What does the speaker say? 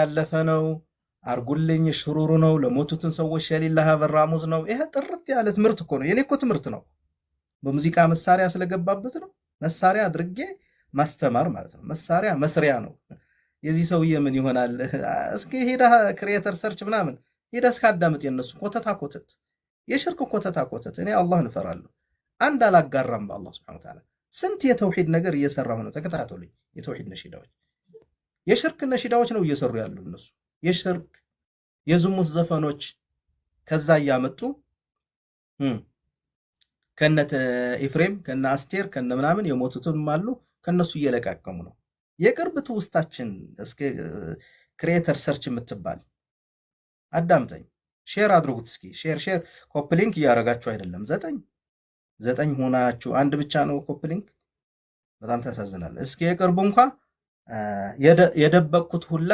ያለፈ ነው። አርጉልኝ ሽሩሩ ነው። ለሞቱትን ሰዎች የሌላ በራሙዝ ነው። ይሄ ጥርት ያለ ትምህርት እኮ ነው። የኔ እኮ ትምህርት ነው። በሙዚቃ መሳሪያ ስለገባበት ነው። መሳሪያ አድርጌ ማስተማር ማለት ነው። መሳሪያ መስሪያ ነው። የዚህ ሰውዬ ምን ይሆናል? እስኪ ሄዳ ክሪኤተር ሰርች ምናምን ሄዳ እስከ አዳምጥ። የነሱ ኮተታ ኮተት፣ የሽርክ ኮተታ ኮተት። እኔ አላህ እንፈራለሁ አንድ አላጋራም በአላህ ስብሐነ ወተዓላ። ስንት የተውሂድ ነገር እየሰራሁ ነው። ተከታተሉኝ። የተውሂድ ነሽዳዎች የሽርክ ነሺዳዎች ነው እየሰሩ ያሉ እነሱ የሽርክ የዝሙት ዘፈኖች ከዛ እያመጡ ከነ ኤፍሬም ከነ አስቴር ከነ ምናምን የሞቱትም አሉ ከነሱ እየለቃቀሙ ነው። የቅርብ ትውስታችን ክሪኤተር ሰርች የምትባል አዳምጠኝ፣ ሼር አድርጉት እስኪ ሼር ሼር። ኮፕሊንክ እያደረጋችሁ አይደለም። ዘጠኝ ዘጠኝ ሆናችሁ አንድ ብቻ ነው ኮፕሊንክ። በጣም ታሳዝናል። እስኪ የቅርቡ እንኳን የደበቅኩት ሁላ